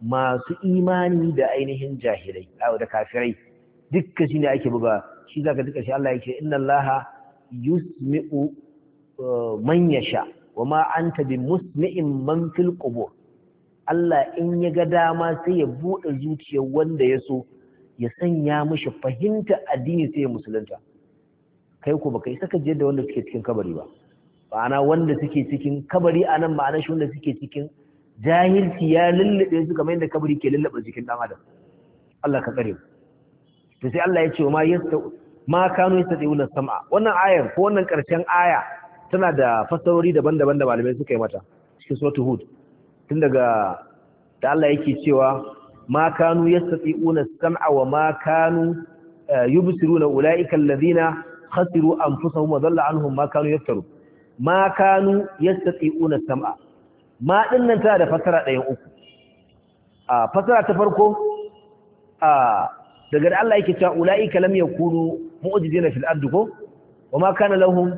masu imani da ainihin jahilai da kafirai dukkan shine ake buga shi zaka duka shi Allah yake inna allaha yusmi'u man yasha wama anta bimusmi'in man fil qubur Allah in ya ga dama sai ya buɗe zuciyar wanda ya so ya sanya mishi fahimta addini sai ya musulunta kai ko baka isa ka je da wanda suke cikin kabari ba ma'ana wanda suke cikin kabari a nan ma'ana shi wanda suke cikin jahilci ya lullube su kamar yadda kabari ke lullube jikin dan adam Allah ka kare to sai Allah ya ce ma yasta ma kanu yastati'una sam'a wannan ayar ko wannan karshen aya tana da fasarori daban-daban da malamai suka yi mata cikin suratul hud tun daga da Allah yake cewa ma kanu yastati'una sam'a wa ma kanu eh, yubsiruna ulaika alladhina khasiru anfusahum wa dhalla anhum ma kanu yaftaru ma kanu yastati'una sam'a ma nan tana da fasara ɗayan uku a fasara ta farko a daga da Allah yake cewa ulaika lam yakunu mu'jizina fil ardi ko wa ma kana lahum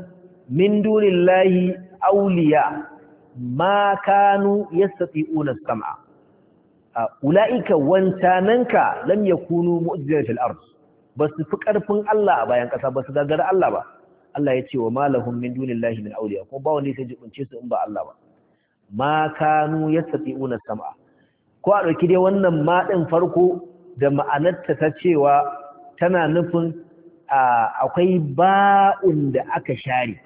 min dunillahi awliya ma kanu yastati'una sam'a ulaika wantananka lam yakunu mu'jizatan ard basu fi karfin Allah a bayan kasa basu gagara Allah ba Allah ya ce wa malahum min dunillahi min awliya ko ba wanda yake jibince su in ba Allah ba ma kanu yastati'una sam'a ko a dauki dai wannan ma din farko da ma'anarta ta cewa tana nufin akwai ba'un da aka share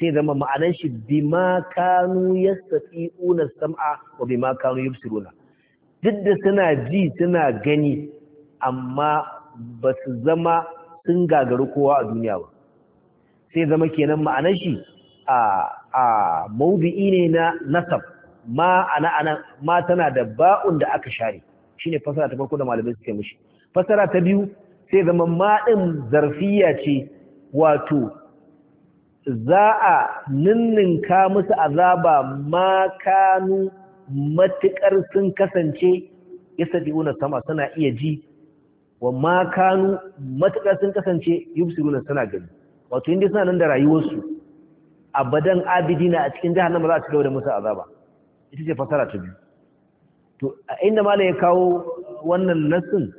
sai zama ma'anar shi bima kanu una sam'a wa bima kanu yubsiruna duk da suna ji suna gani amma ba su zama sun gagari kowa a duniya ba sai zama kenan ma'anar shi a a ne na nasab ma ana ana ma tana da ba'un da aka share shine fasara ta farko da malamai suke mishi fasara ta biyu sai zama ma din zarfiya ce wato za a ninninka musu azaba ma kanu matuƙar sun kasance ya sama suna iya ji wa ma kanu matuƙar sun kasance yubsiruna suna gani wato inda suna nan da rayuwarsu abadan abidina a cikin jahannama za a gaba da musu azaba ita ce fasara ta biyu to a inda mala ya kawo wannan nassin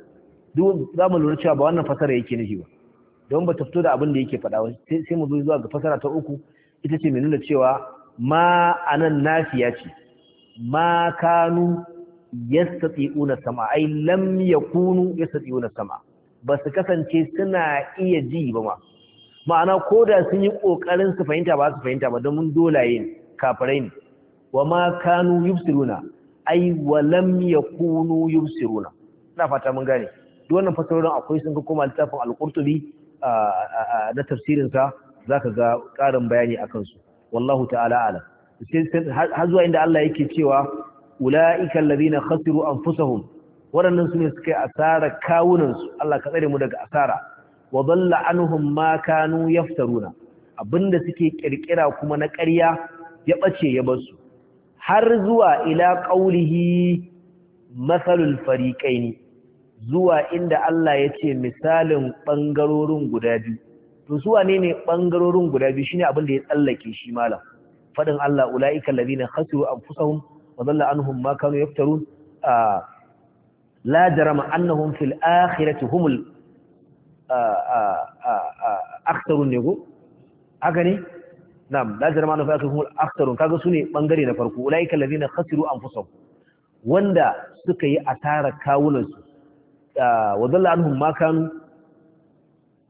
duk za mu lura cewa ba wannan fasara yake nufi ba don ba ta fito da abin da yake faɗa sai mu zo zuwa ga fasara ta uku ita ce mai nuna cewa ma anan nafiya ce ma kanu yastati'una sama ai lam yakunu yastati'una sama ba su kasance suna iya ji ba ma ma'ana ko da sun yi kokarin su fahimta ba su fahimta ba don mun dolaye kafirai ne wa ma kanu yubsiruna ai wa lam yakunu yubsiruna ina fata mun gane duk wannan fasarorin akwai sun ga koma littafin al-qurtubi na tafsirinsa za ka ga ƙarin bayani a kansu wallahu ta'ala alam har zuwa inda Allah yake cewa ula'ikan allazina khasiru anfusahum waɗannan su ne suka yi asara kawunansu Allah ka tsare mu daga asara wa dalla makanu ma kanu yaftaruna abinda suke ƙirƙira kuma na ƙarya ya ɓace ya bar su har zuwa ila qaulihi fariƙai ne zuwa inda Allah ya ce misalin ɓangarorin guda biyu to zuwa ne ne ɓangarorin guda biyu shine abin da ya tsallake shi malam faɗin Allah ula'ika ladina khasiru anfusahum wa dhalla anhum ma kanu yaftarun la jarama annahum fil akhirati humul akhtarun ne go haka ne na'am la jarama annahum fil akhirati humul akhtarun kaga su ne bangare na farko ula'ika ladina khasiru anfusahum wanda suka yi asara su. wa dalla anhum ma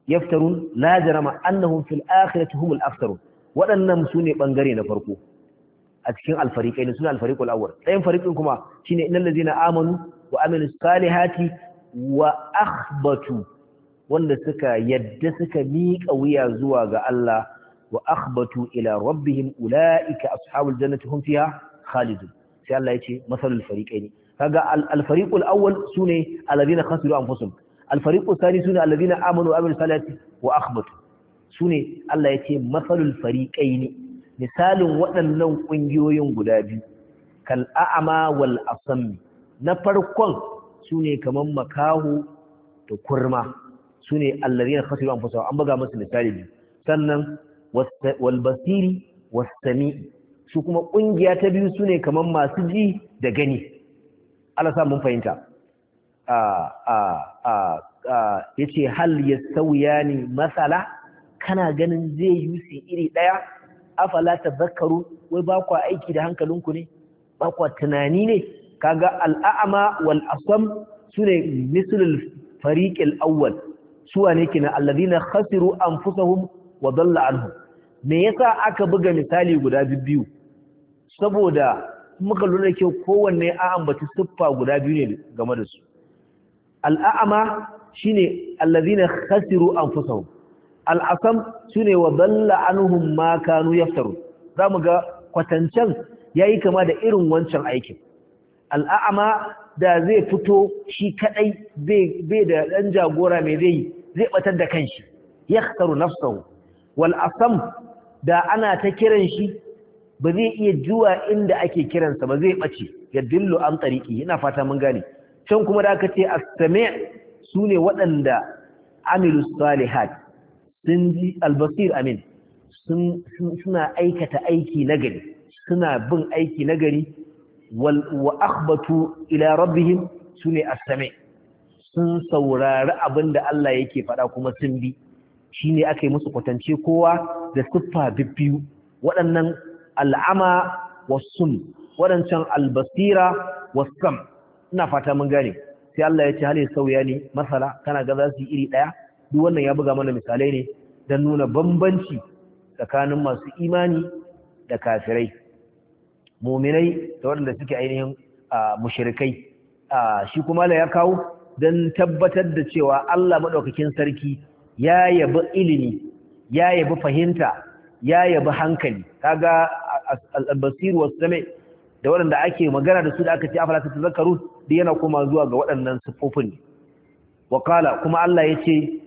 yaftarun la jarama annahum fil akhirati humul aftarun waɗannan su ne ɓangare na farko a cikin alfariƙai ne suna alfariƙul awwal ɗayan fariƙin kuma shine innal ladzina amanu wa amilu salihati wa akhbatu wanda suka yadda suka miƙa wuya zuwa ga Allah wa akhbatu ila rabbihim ulaika ashabul jannati hum fiha khalidun sai Allah ya yace masalul fariqaini kaga al-fariqul awwal sune alladhina khasiru anfusahum al-fariqul thani sune alladhina amanu wa amilus salihati wa akhbatu sune Allah yace masalul fariqaini misalin waɗannan kungiyoyin guda biyu kal a'ma wal asam na farkon sune kaman makahu da kurma sune alladhina khasiru anfusahum an buga musu misali sannan wal basiri was sami su kuma kungiya ta biyu sune kaman masu ji da gani Allah sa mun fahimta ya ce hal ya sauya ne matsala kana ganin zai yi su iri ɗaya afala ta zakaru wai ba kwa aiki da hankalinku ne ba kwa tunani ne kaga al'a'ama wal asam su ne misulul fariƙil awwal wane ki kina allazina khasiru anfusahum wa dalla anhum me yasa aka buga misali guda biyu saboda muka lura kyau kowanne a ambaci siffa guda biyu ne game da su al'a'ama shine allazina khasiru anfusahum al'asam shine wa dalla anhum ma kanu yaftaru zamu ga kwatancan yayi kama da irin wancan aikin al'a'ama da zai fito shi kadai bai da dan jagora mai zai zai batar da kanshi yaftaru nafsuhu wal asam da ana ta kiran shi ba zai iya juwa inda ake kiransa ba zai ɓace ya dillu an tariki yana fata mun gane can kuma da aka ce su ne waɗanda amilu salihat sun ji albasir amin suna aikata aiki nagari suna bin aiki nagari wa akhbatu ila rabbihim su ne astame sun saurari abinda Allah yake faɗa kuma sun bi shi ne aka yi musu kwatance kowa da siffa biyu waɗannan al'ama wasun waɗancan albasira wasam ina fata mun gane sai Allah ya ce hali sauya ne masala kana ga za su yi iri ɗaya duk wannan ya buga mana misalai ne don nuna bambanci tsakanin masu imani da kafirai muminai da waɗanda suke ainihin mushirikai shi kuma ya kawo don tabbatar da cewa Allah maɗaukakin sarki ya yabi ilimi ya yabi fahimta ya yabi hankali kaga al-basir was da waɗanda ake magana da su da aka ce afalata ta zakaru da yana koma zuwa ga waɗannan siffofin wa Wakala, kuma Allah yace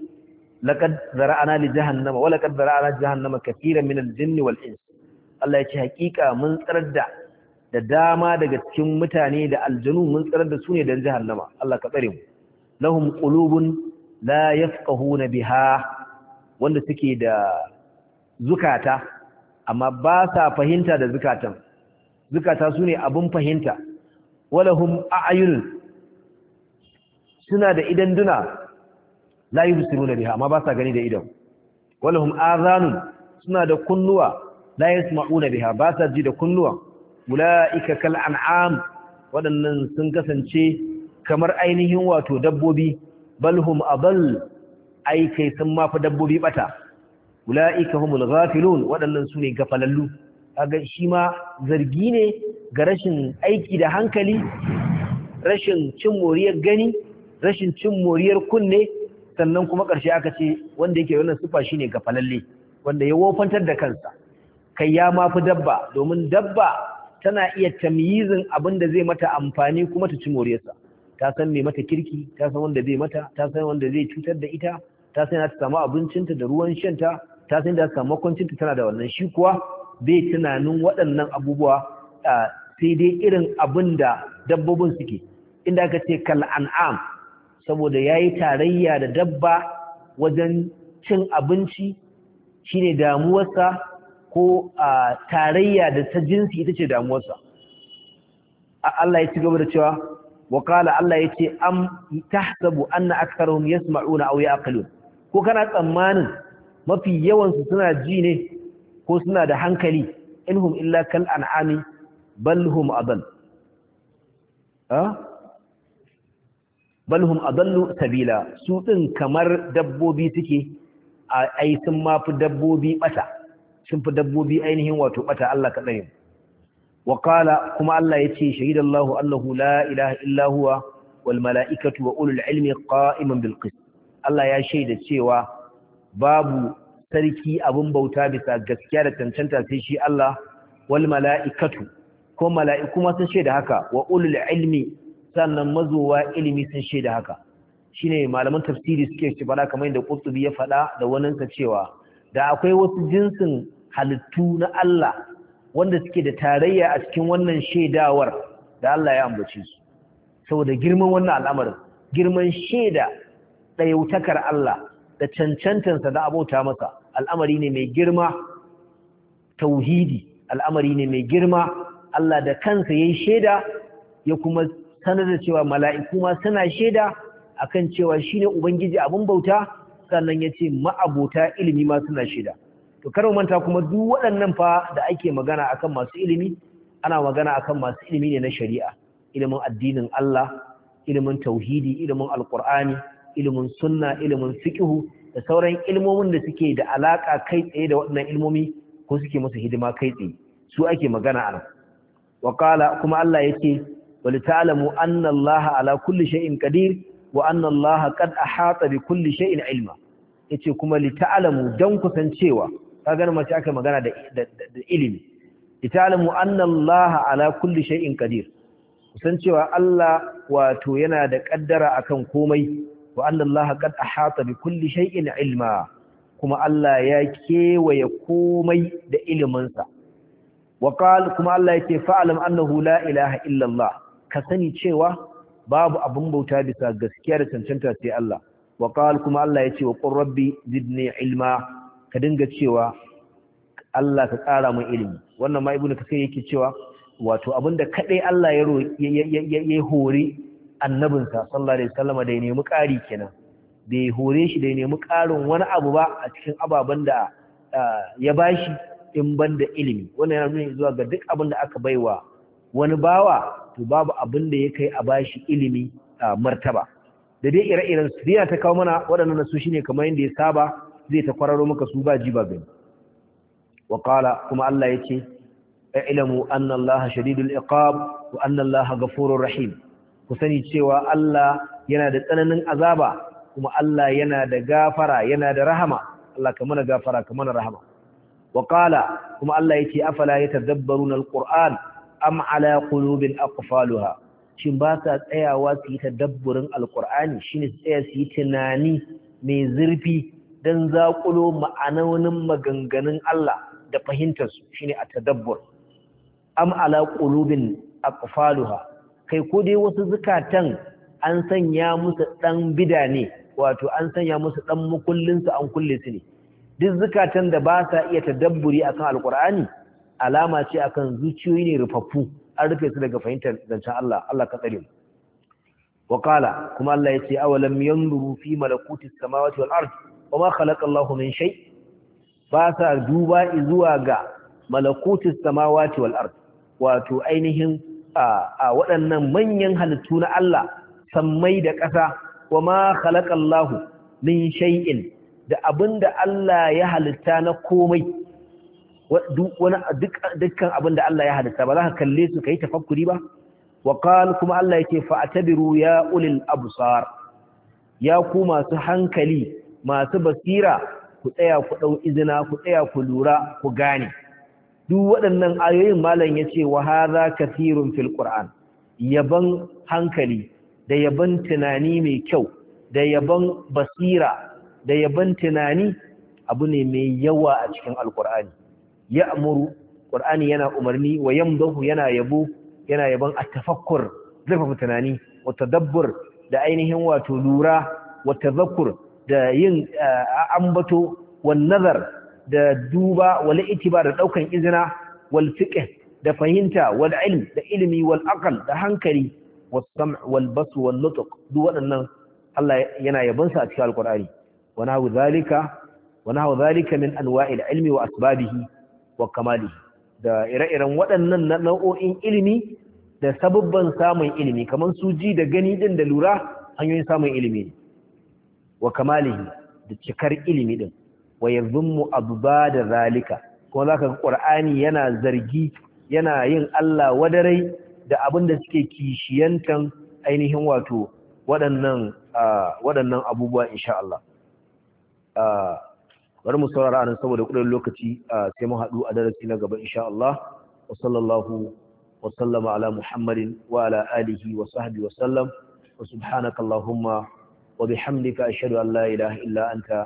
laqad zara'ana li jahannama wa laqad zara'ana jahannama katiran min al wal ins Allah ce hakika mun tsarar da da dama daga cikin mutane da aljanu mun tsarar da su ne dan jahannama Allah ka tsare mu lahum qulubun la yafqahuna biha wanda suke da zukata amma ba sa fahimta da zukatan zukata su ne abin fahimta walahum a'ayun suna da idan duna la yubsiruna biha amma ba sa gani da idan walahum azanun suna da kunnuwa la yasma'una biha ba sa ji da kunnuwa ulaika kal an'am waɗannan sun kasance kamar ainihin wato dabbobi balhum adall ai kai sun mafi dabbobi bata ula'ika humul ghafilun waɗannan su ne gafalallu kaga shi ma zargi ne ga rashin aiki da hankali rashin cin moriyar gani rashin cin moriyar kunne sannan kuma ƙarshe aka ce wanda yake wannan sufa shine gafalalle wanda ya wofantar da kansa kai ya ma fi dabba domin dabba tana iya tamyizin abin da zai mata amfani kuma ta ci moriyarsa ta san mai mata kirki ta san wanda zai mata ta san wanda zai cutar da ita ta san ta samu abincinta da ruwan shanta ta san da samu makwancinta tana da wannan shi kuwa bai tunanin waɗannan abubuwa sai dai irin abin da dabbobin suke inda aka ce kal an'am saboda yayi tarayya da dabba wajen cin abinci shine damuwarsa ko tarayya da ta jinsi ita ce damuwarsa Allah ya ci gaba da cewa وقال الله يتي أم تحسب أن أكثرهم aure a يأقلون ko kana tsammanin mafi yawansu suna ji ne ko suna da hankali inhum illa kal an'ami bal hum adall ah bal hum adallu sabila su din kamar dabbobi suke ai sun mafi dabbobi bata sun fi dabbobi ainihin wato bata Allah ka wa qala kuma Allah yace shahidallahu allahu la ilaha illa huwa wal mala'ikatu wa ulul ilmi qa'iman bil qist Allah ya shaida cewa babu sarki abin bauta bisa gaskiya da cancanta sai shi Allah wal mala'ikatu ko mala'iku ma sun shaida haka wa ulul ilmi sannan mazowa ilimi sun shaida haka shine malaman tafsiri suke ce bara kamar yadda Qurtubi ya faɗa da wannan sa cewa da akwai wasu jinsin halittu na Allah wanda suke da tarayya a cikin wannan shaidawar da Allah ya ambace su saboda girman wannan al'amarin girman shaida ɗayautakar Allah da cancantansa da abota masa al'amari ne mai girma tauhidi al'amari ne mai girma Allah da kansa ya yi shaida ya kuma sanar da cewa mala'iku ma suna shaida akan cewa shi ne Ubangiji abin bauta sannan ya ce ma'abota ilimi ma suna shaida. To manta kuma duk waɗannan fa da ake magana akan masu ilimi, ana magana akan masu ilimi ne na shari'a, ilimin addinin Allah, ilimin tauhidi, ilimin alƙur'ani, ilimin sunna ilimin fiqihu, da sauran ilmomin da suke da alaka kai tsaye da waɗannan ilmomi ko suke musu hidima kai tsaye su ake magana anan wa qala kuma Allah yake wal ta'lamu anna Allah ala kulli shay'in qadir wa anna Allah qad ahata bi kulli shay'in ilma yace kuma li ta'lamu dan kusancewa kaga mace aka magana da ilimi li ta'lamu anna Allah ala kulli shay'in qadir kusancewa Allah wato yana da kaddara akan komai wa annallaha qad ahata bi kulli shay'in ilma kuma Allah ya kewaye komai da iliminsa wa qala kuma Allah yake fa'alam annahu la ilaha illa Allah ka sani cewa babu abun bauta bisa gaskiya da cancanta sai Allah wa qala kuma Allah yake wa qur rabbi zidni ilma ka dinga cewa Allah ka kara mu ilimi wannan ma ibnu kasir yake cewa wato abinda kadai Allah ya ya hori annabinsa sallallahu alaihi wasallam da ya nemi ƙari kenan bai hore shi da ya nemi ƙarin wani abu ba a cikin ababen da ya bashi in banda ilimi wannan yana nuna zuwa ga duk abin da aka baiwa wani bawa to babu abin da ya kai a bashi ilimi martaba da dai ire-iren su dai ta kawo mana waɗannan su shine kamar yadda ya saba zai ta kwararo maka su ba ji ba gani wa qala kuma Allah yace ilamu anna Allah shadidul iqab wa anna Allah ghafurur rahim ku sani cewa Allah yana da tsananin azaba kuma Allah yana da gafara yana da rahama Allah ka mana gafara ka mana rahama wa qala kuma Allah yace afala yatadabbaruna alquran am ala qulubin aqfalha shin ba sa tsayawa su yi tadabburin alqur'ani shine tsaya su yi tunani mai zurfi dan zaƙulo ma'anonin maganganun Allah da fahimtar su shine a tadabbur am ala qulubin aqfalha kai ko dai wasu zukatan an sanya musu ɗan bida wato an sanya musu ɗan mukullinsu an kulle su ne duk zukatan da ba sa iya tadabburi akan alkur'ani alama ce akan zuciyoyi ne rufaffu an rufe su daga fahimtar zancen Allah Allah ka tsare mu wa qala kuma Allah yace awalam yanzuru fi malakuti samawati wal ardi wama khalaqa Allahu min shay ba sa duba zuwa ga malakuti samawati wal ardi wato ainihin a waɗannan manyan halittu na Allah sammai da ƙasa wa ma khalaqallahu min shay'in da abinda Allah ya halitta na komai dukkan abinda Allah ya halitta ba za ka kalle su kai tafakkuri ba wa kuma Allah yake fa'tabiru ya ulil absar ya ku masu hankali masu basira ku tsaya ku dau izina ku tsaya ku lura ku gane duk waɗannan ayoyin malam ya ce wa haza kathirun fil qur'an yaban hankali da yaban tunani mai kyau da yaban basira da yaban tunani abu ne mai yawa a cikin Alƙur'ani. ya amuru yana umarni wa yamdahu yana yabo yana yaban a tafakkur zurfafa tunani wata tadabbur da ainihin wato lura wa zakkur, da yin eh, ambato wa nazar da duba wal itibar da daukan izina wal fiqh da fahimta wal ilm da ilimi wal aql da hankali was sam' wal basr wal nutq duk waɗannan Allah yana yabon sa a cikin alqur'ani wa nahu zalika wa nahu zalika min anwa'il ilmi wa asbabihi wa kamalihi da ire-iren waɗannan nau'o'in ilimi da sababban samun ilimi kamar su ji da gani din da lura hanyoyin samun ilimi ne wa kamalihi da cikar ilimi din wa ba da zalika kuma zaka ga ƙur'ani yana zargi yana yin Allah wadarai da abin da suke kishiyantan ainihin wato waɗannan abubuwa insha Allah bari mu saurara anan saboda kudin lokaci sai mu haɗu a darasi na gaba insha Allah wa sallallahu wa sallama ala Muhammadin wa ala alihi wa sahbihi wa sallam wa subhanakallahumma wa bihamdika ashhadu an la ilaha illa anta